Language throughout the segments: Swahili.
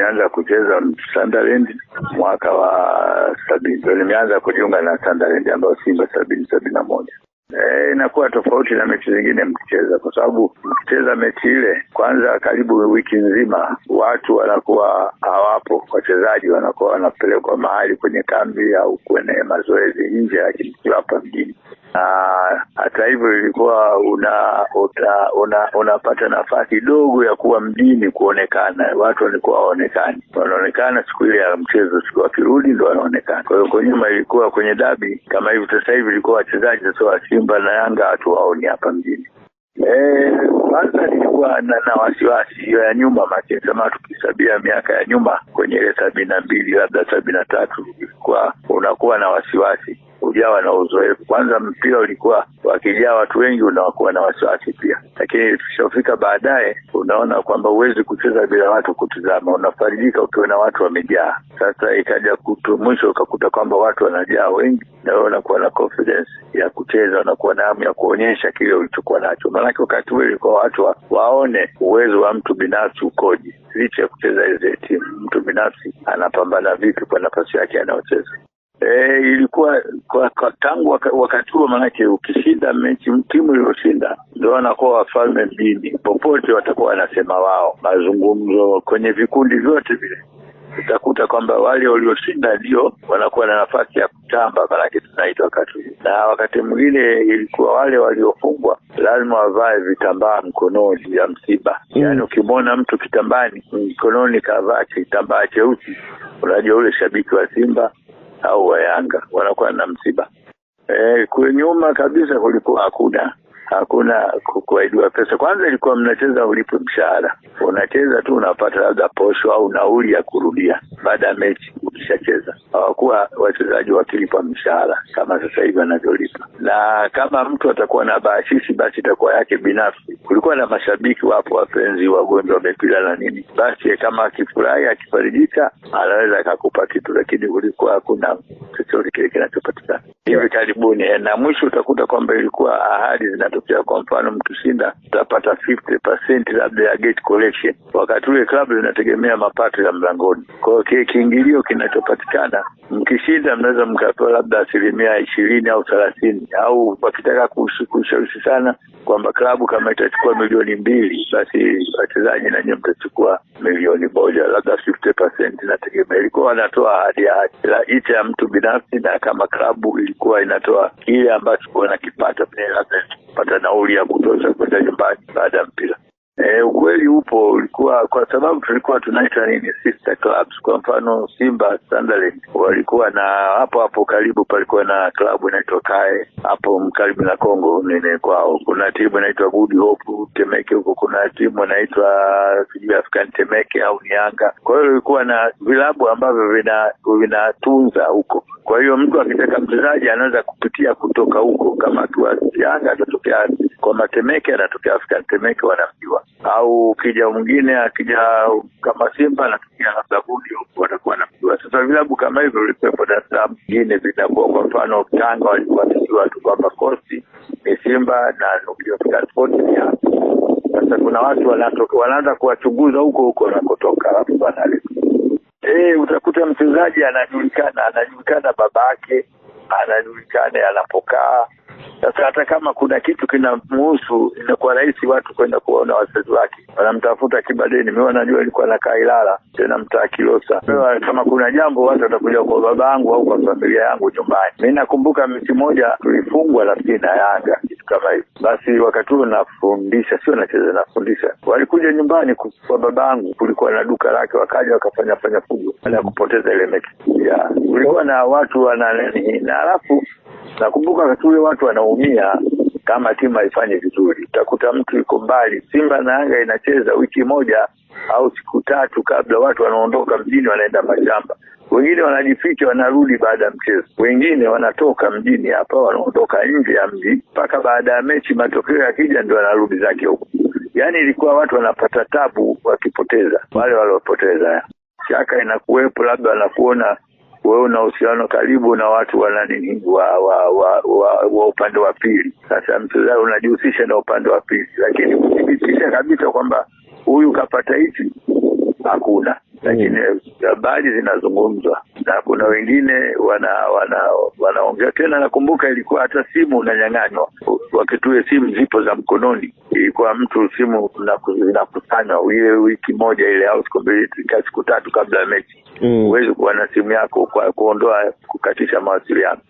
nimeanza kucheza Sunderland mwaka wa sabini, ndio nimeanza kujiunga na Sunderland ambayo Simba sabini sabini na moja. E, inakuwa tofauti na mechi zingine mkicheza, kwa sababu mkicheza mechi ile kwanza, karibu wiki nzima watu wanakuwa hawapo, wachezaji wanakuwa wanapelekwa mahali kwenye kambi au kwenye mazoezi nje, lakini sio hapa mjini. Hata hivyo ilikuwa una, una, una unapata nafasi kidogo ya kuwa mjini kuonekana, watu walikuwa waonekani wanaonekana siku ile ya mchezo, siku wakirudi ndo wanaonekana. Kwa hiyo kwa nyuma ilikuwa kwenye dabi kama hivi sasa hivi ilikuwa wachezaji sasa Simba na Yanga hatuwaoni hapa mjini. Eh, kwanza e, nilikuwa na, na wasiwasi hiyo ya nyuma make, kama tukisabia miaka ya nyuma kwenye ile sabini na mbili labda sabini na tatu, kwa unakuwa na wasiwasi hujawa na uzoefu. Kwanza mpira ulikuwa wakijaa watu wengi, unakuwa na wasiwasi pia, lakini tushafika baadaye, unaona kwamba huwezi kucheza bila watu kutizama, unafarijika ukiona watu wamejaa. Sasa ikaja kutu mwisho ukakuta kwamba watu wanajaa wengi, na wewe unakuwa na confidence ya kucheza, unakuwa na hamu ya kuonyesha kile ulichokuwa nacho, maanake wakati huo ilikuwa watu wa, waone uwezo wa mtu binafsi ukoje, licha ya kucheza hizi timu, mtu binafsi anapambana vipi kwa nafasi yake anayocheza e, ilikuwa kwa, kwa tangu wakati huo, maanake ukishinda mechi timu iliyoshinda ndio wanakuwa wafalme mbili, popote watakuwa wanasema wao, mazungumzo kwenye vikundi vyote vile utakuta kwamba wale walioshinda ndio wanakuwa na nafasi ya kutamba, maanake tunaitwa wakati huu. Na wakati mwingine ilikuwa wale waliofungwa lazima wavae vitambaa mkononi ya msiba mm. Yaani ukimwona mtu kitambani mkononi kavaa kitambaa cheusi, unajua ule shabiki wa Simba au wa Yanga wanakuwa na msiba. E, nyuma kabisa kulikuwa hakuna hakuna kuahidiwa pesa. Kwanza ilikuwa mnacheza ulipwe mshahara, unacheza tu unapata labda posho au nauli ya kurudia baada ya mechi ukishacheza. Hawakuwa wachezaji wakilipwa mshahara kama sasa hivi wanavyolipa, na kama mtu atakuwa na baasisi, basi itakuwa yake binafsi. Kulikuwa na mashabiki, wapo wapenzi, wagonjwa wa mipira na nini, basi kama akifurahi, akifarijika, anaweza akakupa kitu, lakini kulikuwa hakuna chochote kile kinachopatikana hivi karibuni e, na mwisho utakuta kwamba ilikuwa ahadi zinatokea. Kwa mfano mkishinda utapata 50% labda ya gate collection, wakati ule klabu zinategemea mapato ya mlangoni. Kwa hiyo kiingilio kinachopatikana mkishinda, mnaweza mkapewa labda asilimia ishirini au thelathini au wakitaka kushawishi sana kwamba klabu kama itachukua milioni mbili basi wachezaji nanyewe mtachukua milioni moja labda 50% inategemea. Ilikuwa wanatoa ahadi ahadi, ila licha ya mtu binafsi na kama klabu ili ilikuwa inatoa kile ambacho wanakipata pengine labda kupata nauli ya kutosha kwenda nyumbani baada ya mpira. E, ukweli upo, ulikuwa kwa sababu tulikuwa tunaita nini sister clubs. Kwa mfano Simba Sunderland walikuwa na hapo hapo karibu, palikuwa na klabu inaitwa Kae hapo karibu na Kongo nini kwao, kuna timu inaitwa Good Hope Temeke, huko kuna timu inaitwa sijui African Temeke au Nianga. Kwa hiyo ilikuwa na vilabu ambavyo vinatunza vina huko kwa hiyo mtu akitaka mchezaji anaweza kupitia kutoka huko, kama tu Yanga atatokea kwa Matemeke, anatokea African Temeke, wanamjua au ukija mwingine akija kama Simba anatumia labda budi watakuwa anamjua. Sasa vilabu kama hivyo vilikuwepo Dar es Salaam, vingine vitakuwa, kwa mfano Tanga walikuwa wanajua tu kwamba Kosti ni Simba na ukiwapika spoti ni hapa. Sasa kuna watu wanaanza kuwachunguza huko huko wanakotoka, alafu banali e, eh, utakuta mchezaji anajulikana, anajulikana baba yake, anajulikana anapokaa sasa hata kama kuna kitu kinamhusu inakuwa rahisi watu kwenda kuona wazazi wake, wanamtafuta Kibadeni. Mimi najua ilikuwa nakaa Ilala, tena mtaa Kilosa. Hmm. Kama kuna jambo watu watakuja kwa baba yangu au kwa familia yangu nyumbani. Mi nakumbuka mechi moja tulifungwa lakini na Yanga, kitu kama hivyo. Basi wakati huo nafundisha, sio nacheza, nafundisha. Walikuja nyumbani kwa baba yangu, kulikuwa na duka lake, wakaja wakafanya fanya fujo baada ya kupoteza ile mechi. Kulikuwa na watu wana nini, na alafu Nakumbuka wakati ule watu wanaumia kama timu haifanyi vizuri. Utakuta mtu yuko mbali, Simba na Yanga inacheza wiki moja au siku tatu kabla, watu wanaondoka mjini, wanaenda mashamba, wengine wanajificha, wanarudi baada ya mchezo, wengine wanatoka mjini hapa, wanaondoka nje ya mji mpaka baada ya mechi, matokeo yakija ndio wanarudi zake huku Yaani ilikuwa watu wanapata tabu wakipoteza, wale waliopoteza shaka inakuwepo, labda wanakuona wewe una uhusiano karibu na watu wana nini wa wa wa, wa, wa upande wa pili. Sasa mchezaji unajihusisha na upande wa pili, lakini kuthibitisha kabisa kwamba huyu kapata hichi hakuna lakini hmm. habari zinazungumzwa na kuna wengine wana wanaongea wana tena. Nakumbuka ilikuwa hata simu unanyang'anywa, wakitue simu zipo za mkononi, ilikuwa mtu simu zinakusanywa ile wiki moja ile au siku mbili siku tatu kabla ya mechi mm. huwezi kuwa na simu yako kwa kuondoa kukatisha mawasiliano.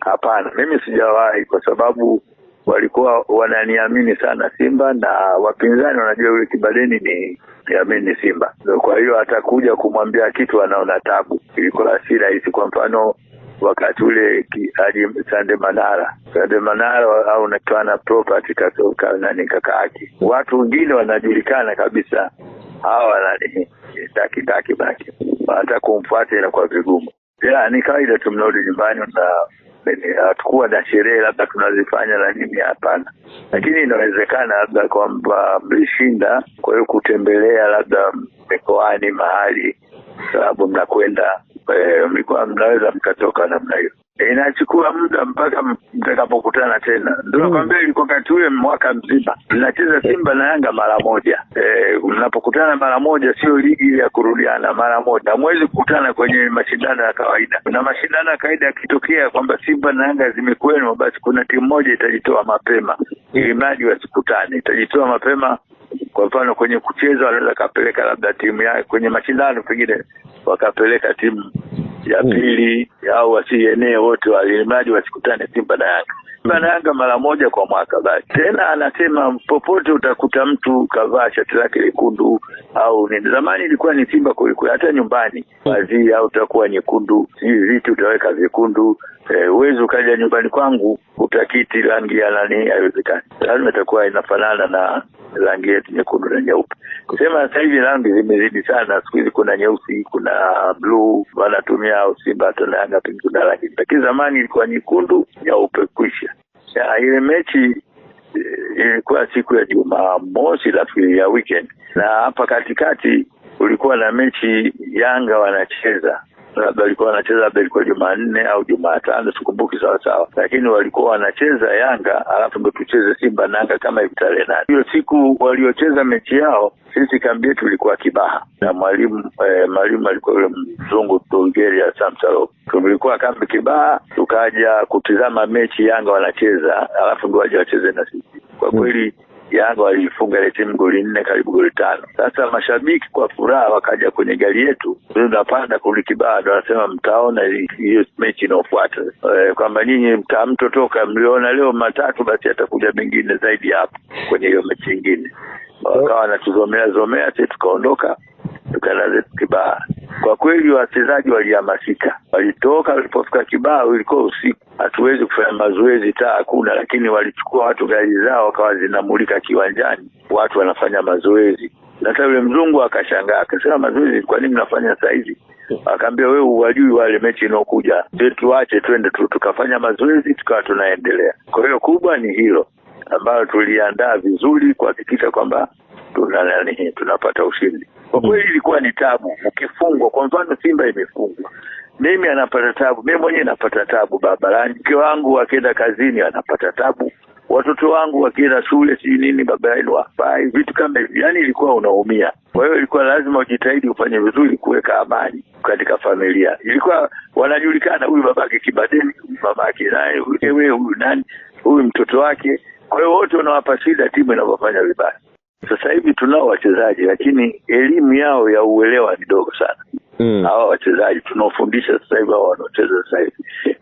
Hapana, mimi sijawahi, kwa sababu walikuwa wananiamini sana Simba na wapinzani wanajua yule Kibadeni ni amini ni Simba, kwa hiyo atakuja kumwambia kitu anaona tabu. Ilikuwa si rahisi, kwa mfano wakati ule Sande Manara, Sande Manara au Nakana Property nani kaka yake, watu wengine wanajulikana kabisa hawa nani takitaki baki hata kumfuata kwa vigumu. Ya, ni kawaida tu mnarudi nyumbani na hatukuwa na sherehe labda tunazifanya na nini, hapana, lakini inawezekana labda kwamba mlishinda, kwa hiyo kutembelea labda mikoani mahali, sababu mnakwenda eh, mnaweza mkatoka namna hiyo inachukua muda mpaka mtakapokutana tena. Ndio hmm. nakwambia, mm. ilikuwa wakati ule mwaka mzima mnacheza Simba na Yanga mara moja. E, mnapokutana mara moja, sio ligi ya kurudiana, mara moja. Hamwezi kukutana kwenye mashindano ya kawaida, na mashindano ya kawaida yakitokea kwamba Simba na Yanga zimekwenwa, basi kuna timu moja itajitoa mapema ili mradi wasikutane, itajitoa mapema kwa mfano kwenye kucheza wanaweza kapeleka labda timu ya kwenye mashindano pengine wakapeleka timu ya mm. pili au wasienee wote, walimradi wasikutane Simba na Yanga. Simba na Yanga mara moja kwa mwaka basi. Tena anasema popote utakuta mtu kavaa shati lake lekundu au nini. Zamani ilikuwa ni Simba kulikuwa hata nyumbani, pazia mm. utakuwa nyekundu, sijui vitu utaweka vyekundu Eh, huwezi e, ukaja nyumbani kwangu utakiti rangi ya nani, haiwezekani. Lazima itakuwa inafanana na rangi yetu nyekundu na nyeupe. Kusema sasa hivi rangi zimezidi sana, siku hizi kuna nyeusi, kuna bluu, wanatumia Simba na Yanga, kuna rangi, lakini zamani ilikuwa nyekundu nyeupe, kwisha. Ile mechi eh, ilikuwa siku ya Jumamosi nafikiri ya weekend, na hapa katikati ulikuwa na mechi Yanga wanacheza labda walikuwa wanacheza labda ilikuwa Jumanne au Jumatano, sikumbuki sawa sawa, lakini walikuwa wanacheza Yanga alafu ndo tucheze Simba na Yanga kama hivi tarehe nane. Hiyo siku waliocheza mechi yao, sisi kambi yetu ilikuwa Kibaha na mwalimu eh, mwalimu alikuwa yule mzungu Tongeria Samsaro. Tulikuwa kambi Kibaha, tukaja kutizama mechi Yanga wanacheza, alafu ndo waje wacheze na sisi. Kwa kweli Yanga waliifunga ile timu goli nne karibu goli tano. Sasa mashabiki kwa furaha wakaja kwenye gari yetu, tunapanda kurudi Kibado, wanasema mtaona hiyo mechi inaofuata e, eh, kwamba nyinyi mtamtotoka mliona leo matatu, basi atakuja mengine zaidi hapo kwenye hiyo mechi ingine Wakawa wanatuzomea zomea, si tukaondoka tukaenda Kibaa. Kwa kweli wachezaji walihamasika, walitoka, walipofika kibao ilikuwa usiku, hatuwezi kufanya mazoezi, taa hakuna, lakini walichukua watu gari zao wakawa zinamulika kiwanjani, watu wanafanya mazoezi na hata yule mzungu akashangaa akasema, mazoezi kwa nini mnafanya saa hizi? Akaambia, wewe uwajui wale mechi inaokuja, ndio tuache twende tu tukafanya mazoezi tukawa tunaendelea. Kwa hiyo kubwa ni hilo ambalo tuliandaa vizuri kuhakikisha kwamba tuna nani, tunapata ushindi. Kwa mm. kweli ilikuwa ni tabu ukifungwa. Kwa mfano Simba imefungwa, mimi anapata tabu, mimi mwenyewe napata tabu barabarani, mke wangu akienda kazini anapata tabu, watoto wangu wakienda shule sijui nini barabarani wafai vitu kama hivi, yaani ilikuwa unaumia. Kwa hiyo ilikuwa lazima ujitahidi ufanye vizuri kuweka amani katika familia. Ilikuwa wanajulikana, huyu babake Kibadeni, huyu nani ewe huyu nani, huyu mtoto wake. Kwa hiyo wote unawapa shida timu inavyofanya vibaya. Sasa hivi tunao wachezaji lakini elimu yao ya uelewa ni dogo sana mm. wachezaji tunaofundisha sasa hivi hawa wanaocheza sasa hivi,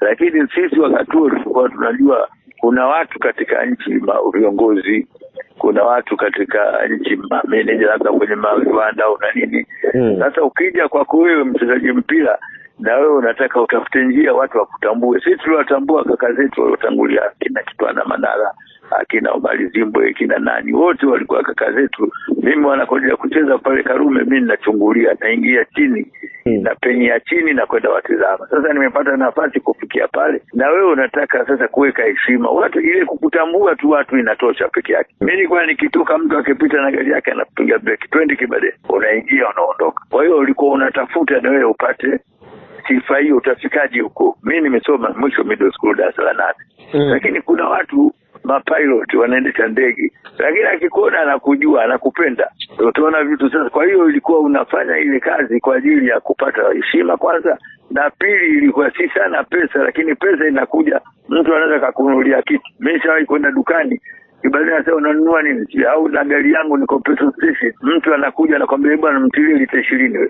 lakini sisi wakati huo tulikuwa tunajua kuna watu katika nchi viongozi, kuna watu katika nchi mameneja, labda kwenye maviwanda au na nini. Mm. Sasa mm. ukija kwako wewe mchezaji mpira na wewe unataka utafute njia watu wakutambue. Sisi tuliwatambua kaka zetu waliotangulia kina Kitwana Manara akina Omari Zimbwe kina nani wote walikuwa kaka zetu. Mimi wanakwenda kucheza pale Karume, mimi ninachungulia, naingia chini hmm. na penye ya chini na kwenda watizama. Sasa nimepata nafasi kufikia pale, na wewe unataka sasa kuweka heshima watu, ile kukutambua tu watu inatosha peke yake. Hmm. Mimi nilikuwa nikitoka, mtu akipita na gari yake anapiga breki, twende Kibade, unaingia unaondoka. Kwa hiyo ulikuwa unatafuta na wewe upate sifa hiyo, utafikaje huko? Mimi nimesoma mwisho middle school darasa la nane, hmm. lakini kuna watu mapilot wanaendesha ndege, lakini akikuona anakujua, anakupenda, utaona vitu sasa. Kwa hiyo ilikuwa unafanya ile kazi kwa ajili ya kupata heshima kwanza, na pili ilikuwa si sana pesa, lakini pesa inakuja, mtu anaweza kakunulia kitu. Mimi shawahi kwenda dukani Kibaridi anasema unanunua nini? Si au na gari yangu niko petrol station. Mtu anakuja anakwambia bwana mtilie lita 20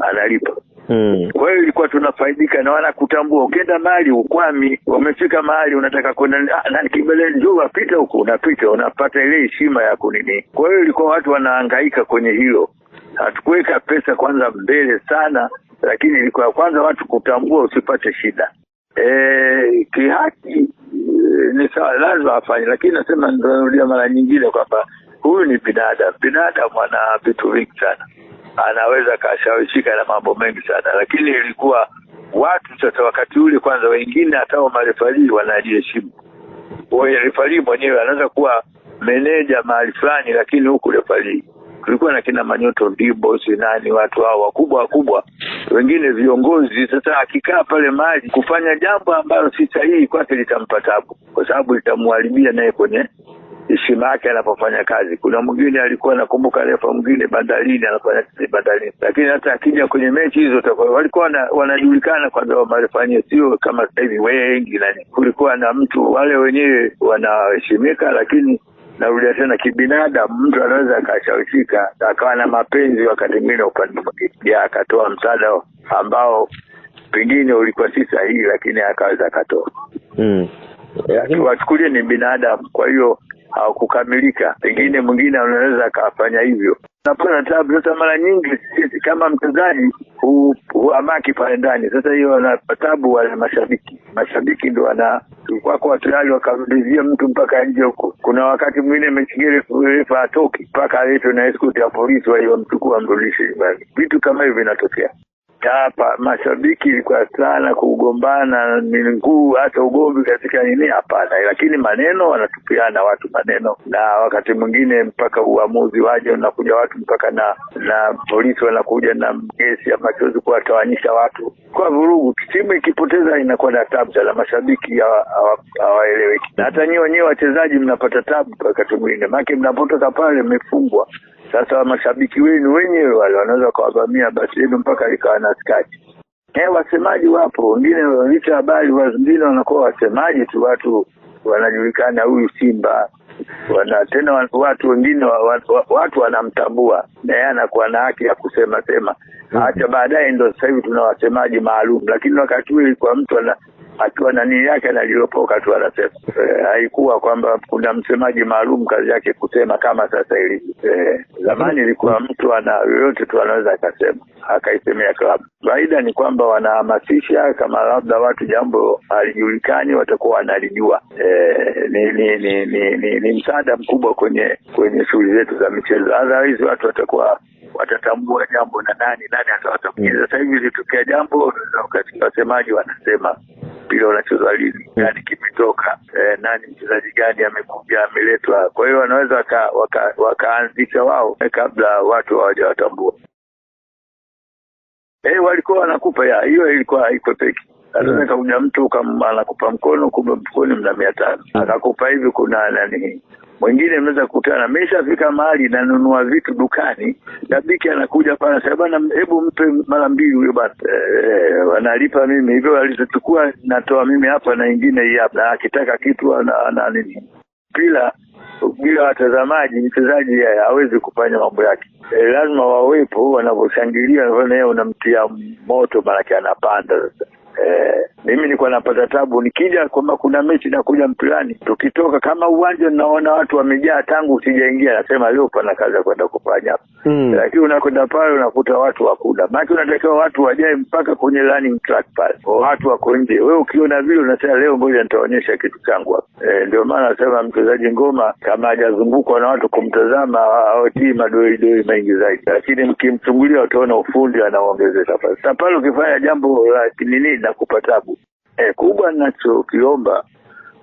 analipa. Mm. Kwa hiyo ilikuwa tunafaidika na kutambua Ukienda mahali ukwami, umefika mahali unataka kwenda ah, na kibele njoo wapita huko, unapita unapata ile heshima ya kunini. Kwa hiyo ilikuwa watu wanahangaika kwenye hilo. Hatukuweka pesa kwanza mbele sana, lakini ilikuwa kwanza watu kutambua usipate shida. Eh, kihaki ni sawa, lazima afanye, lakini nasema narudia mara nyingine kwamba huyu ni binadamu. Binadamu ana vitu vingi sana, anaweza akashawishika na mambo mengi sana, lakini ilikuwa watu sasa, wakati ule kwanza, wengine hata marefarii wanajiheshimu. Refarii mwenyewe anaweza kuwa meneja mahali fulani, lakini huku refarii, tulikuwa na kina Manyoto Ndibo, si nani, watu hao wakubwa wakubwa wengine viongozi. Sasa akikaa pale mali kufanya jambo ambalo si sahihi kwake, litampa tabu, kwa sababu litamharibia naye kwenye heshima yake anapofanya kazi. Kuna mwingine alikuwa anakumbuka refa mwingine bandarini, anafanya kazi bandarini, lakini hata akija kwenye mechi hizo walikuwa wanajulikana kwa ndio marefa sio kama sasa hivi wengi nani. Kulikuwa na mtu wale wenyewe wanaheshimika, lakini narudia tena, kibinadamu mtu anaweza akashawishika akawa na mapenzi wakati mwingine upande mwingine, akatoa msaada ambao pengine ulikuwa si sahihi, lakini akaweza akatoa mm. Wachukulie ni binadamu, kwa hiyo hawakukamilika. Pengine mwingine anaweza akafanya hivyo, na tabu sasa. Mara nyingi sisi kama mchezaji huamaki pale ndani, sasa hiyo tabu wale mashabiki. Mashabiki ndo wana wako tayari wakamrudizia mtu mpaka nje huko. Kuna wakati mwingine mechigere refa hatoki mpaka aletwe na escort ya polisi, waiwamchukua wamrudishe nyumbani. Vitu kama hivyo vinatokea hapa mashabiki ilikuwa sana kugombana nguu hata ugomvi katika nini, hapana, lakini maneno wanatupiana watu maneno, na wakati mwingine mpaka uamuzi waje unakuja watu mpaka na na polisi wanakuja na gesi ya machozi kuwatawanyisha watu kwa vurugu. Timu ikipoteza inakuwa na tabu sana, mashabiki hawaeleweki, na hata nyiwe wenyewe wachezaji mnapata tabu wakati mwingine, maake mnapotoka pale mmefungwa. Sasa mashabiki wenu wenyewe wale wanaweza kawavamia basi yenu mpaka ikawa na skati. Eh, wasemaji wapo wengine, wanaita habari wengine wanakuwa wasemaji tu, watu wanajulikana, huyu Simba wana tena, watu wengine watu, watu wanamtambua na eh, yeye anakuwa na haki ya kusema sema, acha baadaye. Ndio sasa hivi tuna wasemaji maalum, lakini wakati huo kwa mtu ana akiwa na nini yake analiopoka tu anasema. E, haikuwa kwamba kuna msemaji maalum kazi yake kusema kama sasa ilivyo. E, Zamani mm. ilikuwa mtu ana yoyote tu anaweza akasema akaisemea klabu. Faida ni kwamba wanahamasisha, kama labda watu jambo halijulikani watakuwa wanalijua. E, ni, ni, ni, ni, ni, ni msaada mkubwa kwenye kwenye shughuli zetu za michezo, otherwise watu watakuwa watatambua jambo na nani nani atawatambua. Mm. Sasa hivi ilitokea jambo katika wasemaji wanasema mpira unachezwa lini, mm. gani kimetoka, eh, nani mchezaji gani amekuja ameletwa. Kwa hiyo wanaweza waka, waka, wakaanzisha wao eh, kabla watu hawajawatambua. Eh, walikuwa wanakupa ya hiyo ilikuwa haikwepeki Lazima mm. kakuja mtu kama anakupa mkono, kumbe mfukoni mna mia tano, akakupa hivi kuna nani Mwingine mnaweza kukutana, ameshafika mahali nanunua vitu dukani, rafiki anakuja pale anasema, bana, hebu mpe mara mbili huyo bana, wanalipa eh, eh, mimi hivyo alizochukua, natoa mimi hapa na ingine hii hapa, akitaka kitu ana nini bila bila watazamaji mchezaji hawezi kufanya mambo yake. E, lazima wawepo wanavyoshangilia, unamtia moto, maanake anapanda sasa. Eh, mimi nilikuwa napata tabu nikija kwamba kuna mechi nakuja mpilani, tukitoka kama uwanja naona watu wamejaa tangu usijaingia nasema leo pana kazi ya kwenda kufanya hmm. Lakini unakwenda pale unakuta watu wakuda maana unatakiwa watu wajae mpaka kwenye track pale, watu wako nje. wee ukiona vile unasema leo, ngoja nitaonyesha kitu changu. E, ndio maana nasema mchezaji ngoma kama hajazungukwa na watu kumtazama hawatii madoidoi mengi zaidi, lakini mkimchungulia utaona ufundi anaongezeka pale. sa pale ukifanya jambo la nini na kupatabu e, eh, kubwa nachokiomba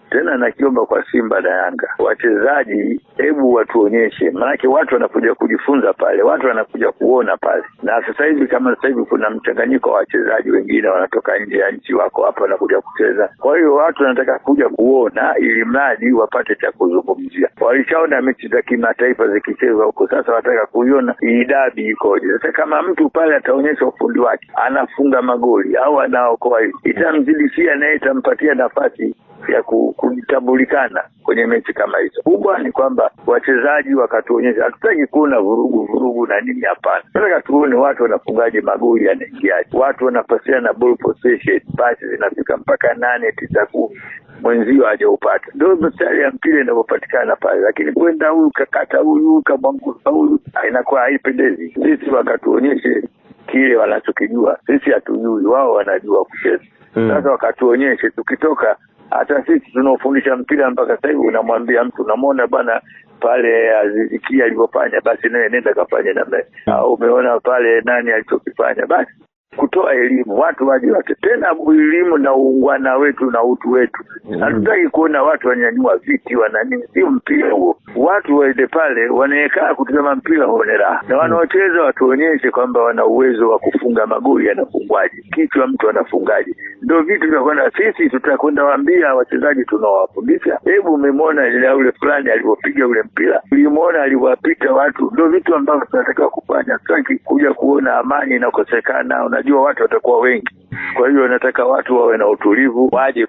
tena nakiomba kwa Simba na Yanga, wachezaji, hebu watuonyeshe, maanake watu wanakuja kujifunza pale, watu wanakuja kuona pale. Na sasa hivi kama sasa hivi kuna mchanganyiko wa wachezaji, wengine wanatoka nje ya nchi, wako hapa wanakuja kucheza. Kwa hiyo watu wanataka kuja kuona, ili mradi wapate cha kuzungumzia. Walishaona mechi za kimataifa zikichezwa huko, sasa wanataka kuiona hii dabi ikoje. Sasa kama mtu pale ataonyesha ufundi wake, anafunga magoli au anaokoa, itamzidishia naye, itampatia nafasi ya ku kutambulikana kwenye mechi kama hizo. Kubwa ni kwamba wachezaji wakatuonyesha, hatutaki kuona vurugu vurugu na nini, hapana. Tunataka tuone watu wanafungaje magoli, yanaingiaje, watu wanapasiana ball possession, pasi zinafika mpaka nane tisa kumi mwenzio hajaupata. ndo mstari ya mpira inavyopatikana pale, lakini kwenda huyu kakata huyu kamwangusa huyu inakuwa haipendezi. Sisi wakatuonyeshe kile wanachokijua sisi, hatujui, wao wanajua kucheza. Hmm. Sasa mm, wakatuonyeshe tukitoka hata sisi tunaofundisha mpira mpaka sasa hivi unamwambia mtu unamwona bwana pale Azizikia alivyofanya basi naye nenda kafanye namna hmm. au umeona pale nani alichokifanya basi kutoa elimu watu wajiwake tena elimu na uungwana wetu na utu wetu hmm. hatutaki mm. kuona watu wanyanyua viti wananini si mpira huo watu waende pale wanaekaa kutizama mpira waone raha na hmm. wanaocheza watuonyeshe kwamba wana uwezo wa kufunga magoli yanafungwaje kichwa mtu anafungaje ndio vitu kwenda. Sisi tutakwenda waambia wachezaji tunawafundisha, hebu umemwona ile yule fulani alivyopiga ule mpira, ulimwona alivyowapita watu. Ndio vitu ambavyo tunatakiwa kufanya, tutaki kuja kuona amani inakosekana. Unajua watu watakuwa wengi, kwa hiyo nataka watu wawe na utulivu, waje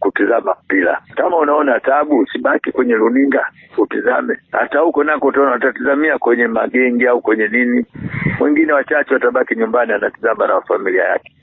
kutizama mpira. Kama unaona tabu, usibaki kwenye runinga utizame, hata huko nako utaona watatizamia kwenye magenge au kwenye nini. Wengine wachache watabaki nyumbani, anatizama na familia yake.